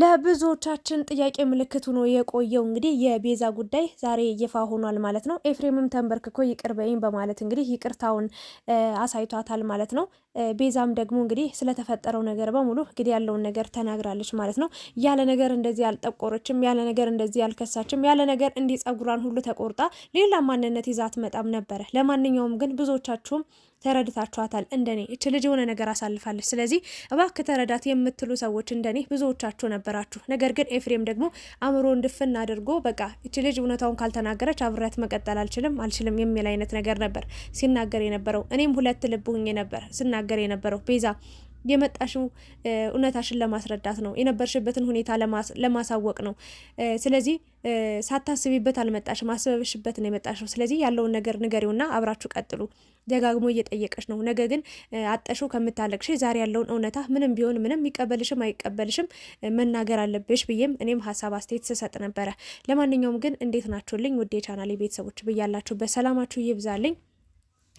ለብዙዎቻችን ጥያቄ ምልክት ሆኖ የቆየው እንግዲህ የቤዛ ጉዳይ ዛሬ ይፋ ሆኗል ማለት ነው። ኤፍሬምም ተንበርክኮ ይቅር በይኝ በማለት እንግዲህ ይቅርታውን አሳይቷታል ማለት ነው። ቤዛም ደግሞ እንግዲህ ስለተፈጠረው ነገር በሙሉ እንግዲህ ያለውን ነገር ተናግራለች ማለት ነው። ያለ ነገር እንደዚህ አልጠቆረችም፣ ያለ ነገር እንደዚህ አልከሳችም፣ ያለ ነገር እንዲህ ጸጉሯን ሁሉ ተቆርጣ ሌላ ማንነት ይዛ አትመጣም ነበረ። ለማንኛውም ግን ብዙዎቻችሁም ተረድታችኋታል። እንደኔ እች ልጅ የሆነ ነገር አሳልፋለች፣ ስለዚህ እባክህ ተረዳት የምትሉ ሰዎች እንደኔ ብዙዎቻችሁ ነበራችሁ። ነገር ግን ኤፍሬም ደግሞ አእምሮ እንድፍን አድርጎ በቃ እች ልጅ እውነታውን ካልተናገረች አብሬያት መቀጠል አልችልም አልችልም የሚል አይነት ነገር ነበር ሲናገር የነበረው። እኔም ሁለት ልብ ሁኜ ነበር ስናገር የነበረው ቤዛ የመጣሽው እውነታሽን ለማስረዳት ነው፣ የነበርሽበትን ሁኔታ ለማሳወቅ ነው። ስለዚህ ሳታስቢበት አልመጣሽም፣ አስበሽበት ነው የመጣሽው። ስለዚህ ያለውን ነገር ንገሪውና አብራችሁ ቀጥሉ። ደጋግሞ እየጠየቀች ነው። ነገ ግን አጠሹ ከምታለቅሽ ዛሬ ያለውን እውነታ ምንም ቢሆን ምንም ይቀበልሽም አይቀበልሽም መናገር አለብሽ ብዬም እኔም ሀሳብ አስተያየት ስሰጥ ነበረ። ለማንኛውም ግን እንዴት ናችሁልኝ ውዴ ቻናሌ ቤተሰቦች ብያላችሁ፣ በሰላማችሁ ይብዛልኝ።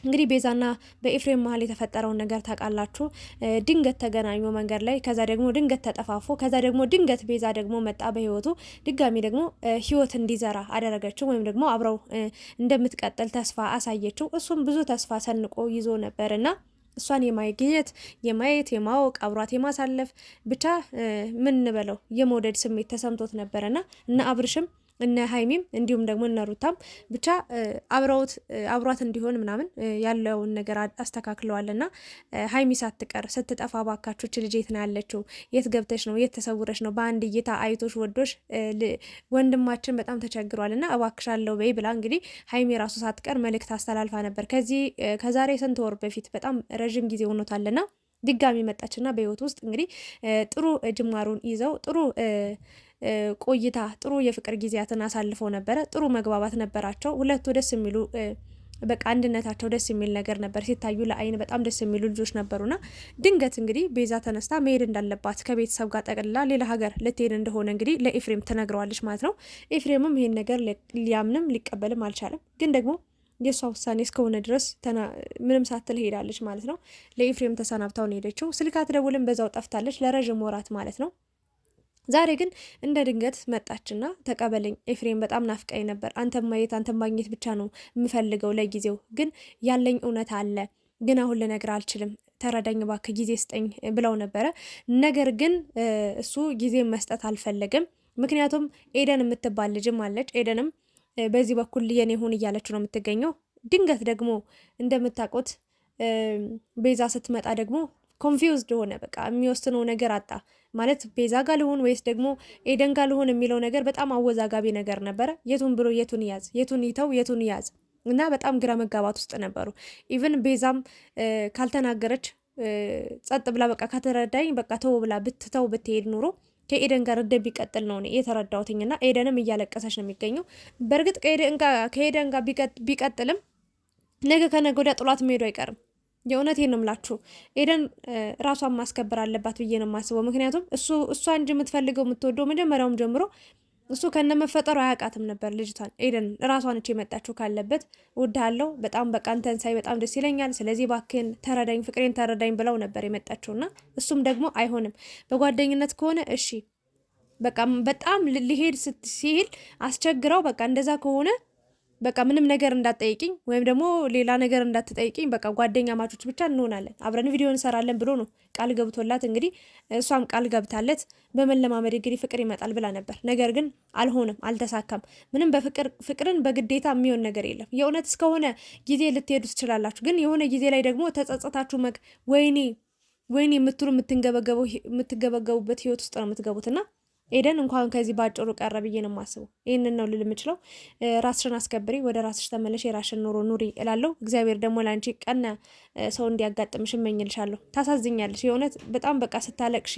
እንግዲህ ቤዛና በኤፍሬም መሀል የተፈጠረውን ነገር ታውቃላችሁ። ድንገት ተገናኙ መንገድ ላይ፣ ከዛ ደግሞ ድንገት ተጠፋፉ። ከዛ ደግሞ ድንገት ቤዛ ደግሞ መጣ በህይወቱ ድጋሚ ደግሞ ህይወት እንዲዘራ አደረገችው፣ ወይም ደግሞ አብረው እንደምትቀጥል ተስፋ አሳየችው። እሱም ብዙ ተስፋ ሰንቆ ይዞ ነበር እና እሷን የማግኘት የማየት የማወቅ አብሯት የማሳለፍ ብቻ ምን እንበለው የመውደድ ስሜት ተሰምቶት ነበረና እና አብርሽም እነ ሀይሚም እንዲሁም ደግሞ እነ ሩታም ብቻ አብረውት አብሯት እንዲሆን ምናምን ያለውን ነገር አስተካክለዋል። እና ሀይሚ ሳትቀር ስትጠፋ ባካቾች ልጅ ነው ያለችው? የት ገብተች ነው? የት ተሰውረች ነው? በአንድ እይታ አይቶች ወዶች ወንድማችን በጣም ተቸግሯል እና እባክሻለሁ በይ ብላ እንግዲህ ሀይሚ ራሱ ሳትቀር መልእክት አስተላልፋ ነበር። ከዚህ ከዛሬ ስንት ወር በፊት በጣም ረዥም ጊዜ ሆኖታልና ድጋሚ መጣችና በህይወት ውስጥ እንግዲህ ጥሩ ጅማሩን ይዘው ጥሩ ቆይታ ጥሩ የፍቅር ጊዜያትን አሳልፈው ነበረ። ጥሩ መግባባት ነበራቸው ሁለቱ ደስ የሚሉ በቃ አንድነታቸው ደስ የሚል ነገር ነበር። ሲታዩ ለአይን በጣም ደስ የሚሉ ልጆች ነበሩና ድንገት እንግዲህ ቤዛ ተነስታ መሄድ እንዳለባት ከቤተሰብ ጋር ጠቅልላ ሌላ ሀገር ልትሄድ እንደሆነ እንግዲህ ለኤፍሬም ትነግረዋለች ማለት ነው። ኤፍሬምም ይሄን ነገር ሊያምንም ሊቀበልም አልቻለም። ግን ደግሞ የእሷ ውሳኔ እስከሆነ ድረስ ምንም ሳትል ሄዳለች ማለት ነው። ለኤፍሬም ተሰናብታውን ሄደችው። ስልክ አትደውልም፣ በዛው ጠፍታለች ለረዥም ወራት ማለት ነው። ዛሬ ግን እንደ ድንገት መጣችና ተቀበለኝ ኤፍሬም፣ በጣም ናፍቀኝ ነበር። አንተን ማየት አንተን ማግኘት ብቻ ነው የምፈልገው። ለጊዜው ግን ያለኝ እውነት አለ፣ ግን አሁን ልነግር አልችልም። ተረዳኝ እባክህ፣ ጊዜ ስጠኝ ብለው ነበረ። ነገር ግን እሱ ጊዜ መስጠት አልፈለግም። ምክንያቱም ኤደን የምትባል ልጅም አለች። ኤደንም በዚህ በኩል የኔ ሁን እያለችው ነው የምትገኘው። ድንገት ደግሞ እንደምታውቁት ቤዛ ስትመጣ ደግሞ ኮንፊውዝድ ሆነ። በቃ የሚወስነው ነገር አጣ። ማለት ቤዛ ጋ ልሆን ወይስ ደግሞ ኤደን ጋ ልሆን የሚለው ነገር በጣም አወዛጋቢ ነገር ነበረ። የቱን ብሎ የቱን ያዝ፣ የቱን ይተው፣ የቱን ያዝ እና በጣም ግራ መጋባት ውስጥ ነበሩ። ኢቨን ቤዛም ካልተናገረች ጸጥ ብላ በቃ ከተረዳኝ በቃ ተው ብላ ብትተው ብትሄድ ኑሮ ከኤደን ጋር እንደሚቀጥል ነው የተረዳሁትኝና ኤደንም እያለቀሰች ነው የሚገኘው። በእርግጥ ከኤደን ጋር ቢቀጥልም ነገ ከነገ ወዲያ ጥሏት መሄዱ አይቀርም። የእውነት ነው ምላችሁ ኤደን ራሷን ማስከበር አለባት ብዬ ነው የማስበው። ምክንያቱም እሱ እሷ እንጂ የምትፈልገው የምትወደው መጀመሪያውም ጀምሮ እሱ ከነመፈጠሩ አያውቃትም ነበር ልጅቷን። ኤደን ራሷ ነች የመጣችሁ ካለበት እወድሃለሁ፣ በጣም በቃ አንተን ሳይ በጣም ደስ ይለኛል፣ ስለዚህ ባክን ተረዳኝ፣ ፍቅሬን ተረዳኝ ብለው ነበር የመጣችውና እሱም ደግሞ አይሆንም በጓደኝነት ከሆነ እሺ በቃ በጣም ሊሄድ ሲሄድ አስቸግረው በቃ እንደዛ ከሆነ በቃ ምንም ነገር እንዳትጠይቅኝ ወይም ደግሞ ሌላ ነገር እንዳትጠይቅኝ፣ በቃ ጓደኛ ማቾች ብቻ እንሆናለን፣ አብረን ቪዲዮ እንሰራለን ብሎ ነው ቃል ገብቶላት እንግዲህ እሷም ቃል ገብታለት በመለማመድ እንግዲህ ፍቅር ይመጣል ብላ ነበር። ነገር ግን አልሆነም፣ አልተሳካም። ምንም በፍቅር ፍቅርን በግዴታ የሚሆን ነገር የለም። የእውነት እስከሆነ ጊዜ ልትሄዱ ትችላላችሁ፣ ግን የሆነ ጊዜ ላይ ደግሞ ተጸጸታችሁ መግ ወይኔ ወይኔ የምትሉ የምትገበገቡበት ህይወት ውስጥ ነው የምትገቡትና ኤደን እንኳን ከዚህ ባጭሩ ቀረ ብዬ ነው የማስበው። ይህንን ነው ልል የምችለው። ራስሽን አስከብሪ፣ ወደ ራስሽ ተመለሽ፣ የራስሽን ኑሮ ኑሪ እላለሁ። እግዚአብሔር ደግሞ ለአንቺ ቀና ሰው እንዲያጋጥምሽ እመኝልሻለሁ። ታሳዝኛለሽ የእውነት በጣም በቃ ስታለቅሽ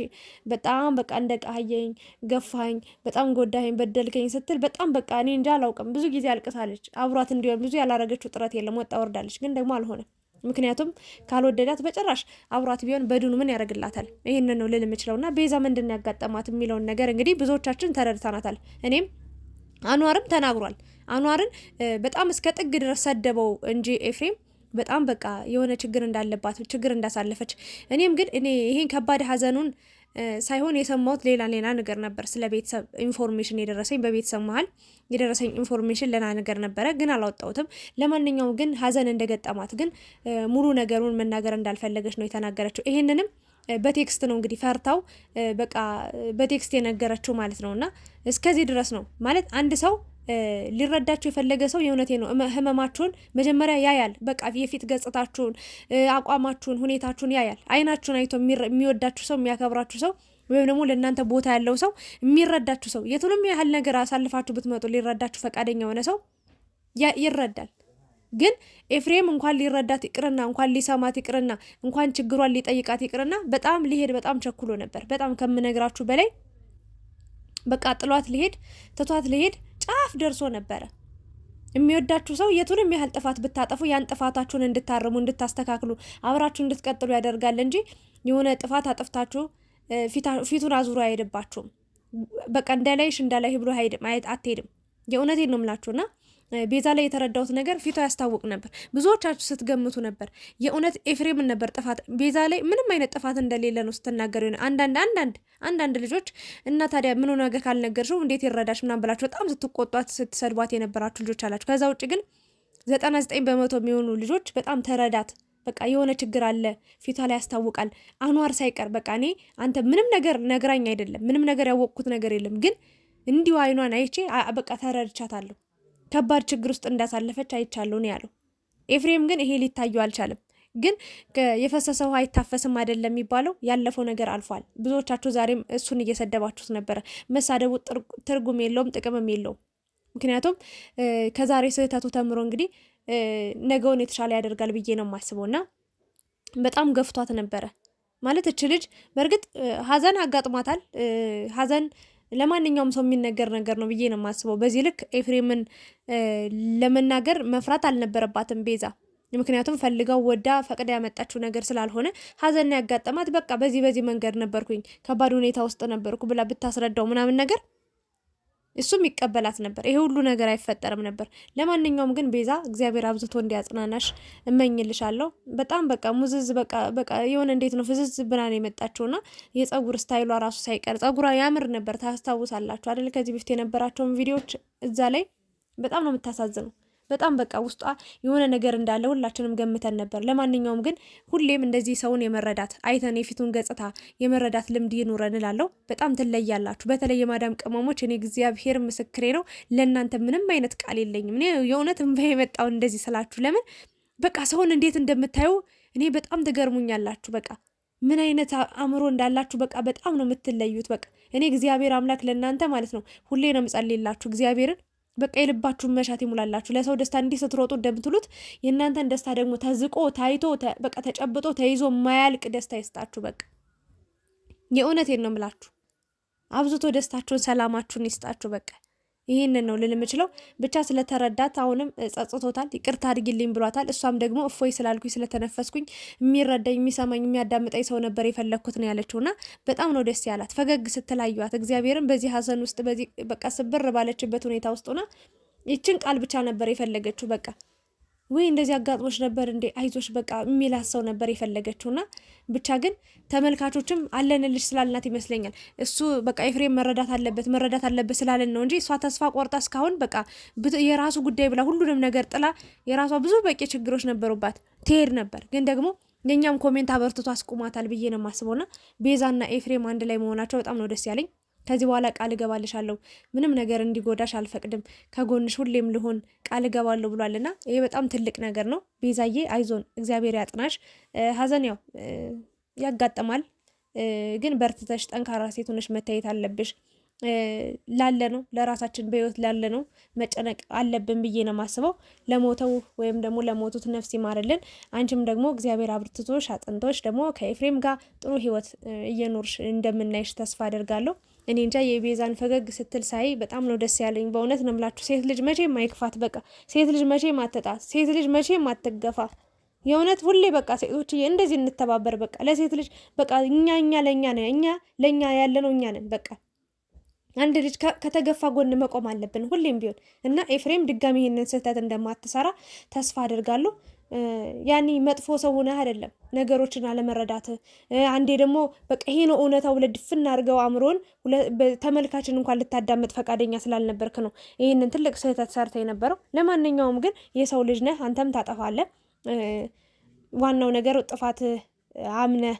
በጣም በቃ እንደቃሀየኝ፣ ገፋኝ፣ በጣም ጎዳኝ፣ በደልከኝ ስትል በጣም በቃ እኔ እንጃ አላውቅም። ብዙ ጊዜ አልቅሳለች። አብሯት እንዲሆን ብዙ ያላረገችው ጥረት የለም። ወጣ ወርዳለች፣ ግን ደግሞ አልሆነም። ምክንያቱም ካልወደዳት በጭራሽ አብሯት ቢሆን በድኑ ምን ያደርግላታል? ይህንን ነው ልል የምችለው። የምችለውና ቤዛ ምንድን ያጋጠማት የሚለውን ነገር እንግዲህ ብዙዎቻችን ተረድተናታል። እኔም አኗርም ተናግሯል። አኗርን በጣም እስከ ጥግ ድረስ ሰደበው እንጂ ኤፍሬም በጣም በቃ የሆነ ችግር እንዳለባት ችግር እንዳሳለፈች እኔም ግን እኔ ይሄን ከባድ ሀዘኑን ሳይሆን የሰማሁት ሌላ ሌላ ነገር ነበር። ስለ ቤተሰብ ኢንፎርሜሽን የደረሰኝ በቤተሰብ መሀል የደረሰኝ ኢንፎርሜሽን ሌላ ነገር ነበረ፣ ግን አላወጣሁትም። ለማንኛውም ግን ሀዘን እንደገጠማት ግን ሙሉ ነገሩን መናገር እንዳልፈለገች ነው የተናገረችው። ይሄንንም በቴክስት ነው እንግዲህ ፈርታው በቃ በቴክስት የነገረችው ማለት ነው። እና እስከዚህ ድረስ ነው ማለት አንድ ሰው ሊረዳቸው የፈለገ ሰው የእውነቴ ነው ህመማችሁን መጀመሪያ ያያል። በቃ የፊት ገጽታችሁን፣ አቋማችሁን፣ ሁኔታችሁን ያያል። አይናችሁን አይቶ የሚወዳችሁ ሰው የሚያከብራችሁ ሰው ወይም ደግሞ ለእናንተ ቦታ ያለው ሰው የሚረዳችሁ ሰው የቱንም ያህል ነገር አሳልፋችሁ ብትመጡ ሊረዳችሁ ፈቃደኛ የሆነ ሰው ይረዳል። ግን ኤፍሬም እንኳን ሊረዳት ይቅርና እንኳን ሊሰማት ይቅርና እንኳን ችግሯን ሊጠይቃት ይቅርና በጣም ሊሄድ በጣም ቸኩሎ ነበር። በጣም ከምነግራችሁ በላይ በቃ ጥሏት ሊሄድ ትቷት ሊሄድ ጫፍ ደርሶ ነበረ። የሚወዳችሁ ሰው የቱንም ያህል ጥፋት ብታጠፉ ያን ጥፋታችሁን እንድታርሙ፣ እንድታስተካክሉ፣ አብራችሁ እንድትቀጥሉ ያደርጋል እንጂ የሆነ ጥፋት አጥፍታችሁ ፊቱን አዙሮ አይሄድባችሁም። በቃ እንዳላይሽ እንዳላይ ብሎ አትሄድም። የእውነቴን ነው የምላችሁና ቤዛ ላይ የተረዳሁት ነገር ፊቷ ያስታውቅ ነበር። ብዙዎቻችሁ ስትገምቱ ነበር። የእውነት ኤፍሬምን ነበር ጥፋት ቤዛ ላይ ምንም አይነት ጥፋት እንደሌለ ነው ስትናገር ሆነ። አንዳንድ አንዳንድ አንዳንድ ልጆች እና ታዲያ ምን ነገር ካልነገርሽው እንዴት ይረዳሽ ምናምን ብላችሁ በጣም ስትቆጧት ስትሰድቧት የነበራችሁ ልጆች አላችሁ። ከዛ ውጭ ግን ዘጠና ዘጠኝ በመቶ የሚሆኑ ልጆች በጣም ተረዳት በቃ የሆነ ችግር አለ፣ ፊቷ ላይ ያስታውቃል። አኗር ሳይቀር በቃ እኔ አንተ ምንም ነገር ነግራኝ አይደለም ምንም ነገር ያወቅኩት ነገር የለም ግን እንዲሁ አይኗን አይቼ በቃ ተረድቻታለሁ ከባድ ችግር ውስጥ እንዳሳለፈች አይቻለሁ ነው ያለው። ኤፍሬም ግን ይሄ ሊታዩ አልቻለም። ግን የፈሰሰ ውሃ አይታፈስም አይደለም የሚባለው፣ ያለፈው ነገር አልፏል። ብዙዎቻችሁ ዛሬም እሱን እየሰደባችሁት ነበረ። መሳደቡ ትርጉም የለውም ጥቅምም የለውም። ምክንያቱም ከዛሬ ስህተቱ ተምሮ እንግዲህ ነገውን የተሻለ ያደርጋል ብዬ ነው የማስበው። እና በጣም ገፍቷት ነበረ ማለት እች ልጅ በእርግጥ ሀዘን አጋጥሟታል ሀዘን ለማንኛውም ሰው የሚነገር ነገር ነው ብዬ ነው የማስበው። በዚህ ልክ ኤፍሬምን ለመናገር መፍራት አልነበረባትም ቤዛ። ምክንያቱም ፈልጋው ወዳ ፈቅዳ ያመጣችው ነገር ስላልሆነ ሀዘን ያጋጠማት በቃ በዚህ በዚህ መንገድ ነበርኩኝ ከባድ ሁኔታ ውስጥ ነበርኩ ብላ ብታስረዳው ምናምን ነገር እሱም ይቀበላት ነበር። ይሄ ሁሉ ነገር አይፈጠርም ነበር። ለማንኛውም ግን ቤዛ እግዚአብሔር አብዝቶ እንዲያጽናናሽ እመኝልሻለሁ። በጣም በቃ ሙዝዝ በቃ የሆነ እንዴት ነው ፍዝዝ ብናን የመጣችውና የጸጉር ስታይሏ ራሱ ሳይቀር ጸጉሯ ያምር ነበር። ታስታውሳላችሁ አደል? ከዚህ በፊት የነበራቸውን ቪዲዮዎች እዛ ላይ በጣም ነው የምታሳዝነው። በጣም በቃ ውስጧ የሆነ ነገር እንዳለ ሁላችንም ገምተን ነበር። ለማንኛውም ግን ሁሌም እንደዚህ ሰውን የመረዳት አይተን የፊቱን ገጽታ የመረዳት ልምድ ይኑረን እላለሁ። በጣም ትለያላችሁ፣ በተለይ የማዳም ቅመሞች። እኔ እግዚአብሔር ምስክሬ ነው፣ ለእናንተ ምንም አይነት ቃል የለኝም። እኔ የእውነት እንባ የመጣው እንደዚህ ስላችሁ ለምን በቃ ሰውን እንዴት እንደምታዩ እኔ በጣም ትገርሙኛላችሁ። በቃ ምን አይነት አእምሮ እንዳላችሁ በቃ በጣም ነው የምትለዩት። በቃ እኔ እግዚአብሔር አምላክ ለእናንተ ማለት ነው ሁሌ ነው ምጸልይላችሁ እግዚአብሔርን በቃ የልባችሁን መሻት ይሙላላችሁ። ለሰው ደስታ እንዲህ ስትሮጡ እንደምትሉት የእናንተን ደስታ ደግሞ ተዝቆ ታይቶ በቃ ተጨብጦ ተይዞ ማያልቅ ደስታ ይስጣችሁ። በቃ የእውነቴን ነው የምላችሁ። አብዝቶ ደስታችሁን ሰላማችሁን ይስጣችሁ። በቃ ይህንን ነው ልል የምችለው። ብቻ ስለተረዳት አሁንም ጸጽቶታል፣ ይቅርታ አድርጊልኝ ብሏታል። እሷም ደግሞ እፎይ ስላልኩኝ ስለተነፈስኩኝ የሚረዳኝ የሚሰማኝ የሚያዳምጠኝ ሰው ነበር የፈለግኩት ነው ያለችውና በጣም ነው ደስ ያላት። ፈገግ ስትላዩዋት እግዚአብሔርን በዚህ ሀዘን ውስጥ በዚህ በቃ ስብር ባለችበት ሁኔታ ውስጥ ሆና ይችን ቃል ብቻ ነበር የፈለገችው በቃ ወይ እንደዚህ አጋጥሞች ነበር እንዴ አይዞች በቃ የሚላት ሰው ነበር የፈለገችውና ብቻ ግን ተመልካቾችም አለንልሽ ስላልናት ይመስለኛል እሱ በቃ ኤፍሬም መረዳት አለበት መረዳት አለበት ስላለን ነው እንጂ እሷ ተስፋ ቆርጣ እስካሁን በቃ የራሱ ጉዳይ ብላ ሁሉንም ነገር ጥላ የራሷ ብዙ በቂ ችግሮች ነበሩባት ትሄድ ነበር ግን ደግሞ የእኛም ኮሜንት አበርትቶ አስቁማታል ብዬ ነው የማስበውና ቤዛና ኤፍሬም አንድ ላይ መሆናቸው በጣም ነው ደስ ያለኝ። ከዚህ በኋላ ቃል እገባልሻለሁ ምንም ነገር እንዲጎዳሽ አልፈቅድም፣ ከጎንሽ ሁሌም ልሆን ቃል እገባለሁ ብሏልና ይሄ በጣም ትልቅ ነገር ነው። ቤዛዬ አይዞን፣ እግዚአብሔር ያጥናሽ። ሀዘን ያው ያጋጥማል፣ ግን በርትተሽ ጠንካራ ሴት ሆነሽ መታየት አለብሽ። ላለ ነው ለራሳችን በህይወት ላለ ነው መጨነቅ አለብን ብዬ ነው ማስበው። ለሞተው ወይም ደግሞ ለሞቱት ነፍስ ይማርልን። አንቺም ደግሞ እግዚአብሔር አብርትቶሽ አጥንቶሽ ደግሞ ከኤፍሬም ጋር ጥሩ ህይወት እየኖርሽ እንደምናይሽ ተስፋ አደርጋለሁ። እኔ እንጃ የቤዛን ፈገግ ስትል ሳይ በጣም ነው ደስ ያለኝ። በእውነት ነው የምላችሁ። ሴት ልጅ መቼ ማይክፋት በቃ ሴት ልጅ መቼ አትጣት። ሴት ልጅ መቼ ማትገፋ የእውነት ሁሌ በቃ ሴቶችዬ እንደዚህ እንተባበር። በቃ ለሴት ልጅ በቃ እኛ እኛ ለእኛ ነን እኛ ለእኛ ያለ ነው እኛ ነን በቃ አንድ ልጅ ከተገፋ ጎን መቆም አለብን ሁሌም ቢሆን እና ኤፍሬም ድጋሚ ይህንን ስህተት እንደማትሰራ ተስፋ አድርጋለሁ። ያኔ መጥፎ ሰው ሆነህ አይደለም፣ ነገሮችን አለመረዳት። አንዴ ደግሞ በቃ ይሄ ነው እውነታ ብለህ ድፍን አድርገው አእምሮን ተመልካችን እንኳን ልታዳመጥ ፈቃደኛ ስላልነበርክ ነው ይህንን ትልቅ ስህተት ሰርተ የነበረው። ለማንኛውም ግን የሰው ልጅ ነህ፣ አንተም ታጠፋለህ። ዋናው ነገር ጥፋት አምነህ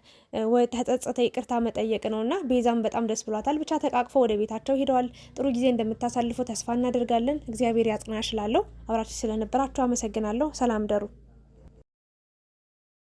ወይ ተጸጸተ ይቅርታ መጠየቅ ነው እና ቤዛም በጣም ደስ ብሏታል። ብቻ ተቃቅፈው ወደ ቤታቸው ሄደዋል። ጥሩ ጊዜ እንደምታሳልፉ ተስፋ እናደርጋለን። እግዚአብሔር ያጽናሽ አብራችሁ ስለነበራችሁ አመሰግናለሁ። ሰላም ደሩ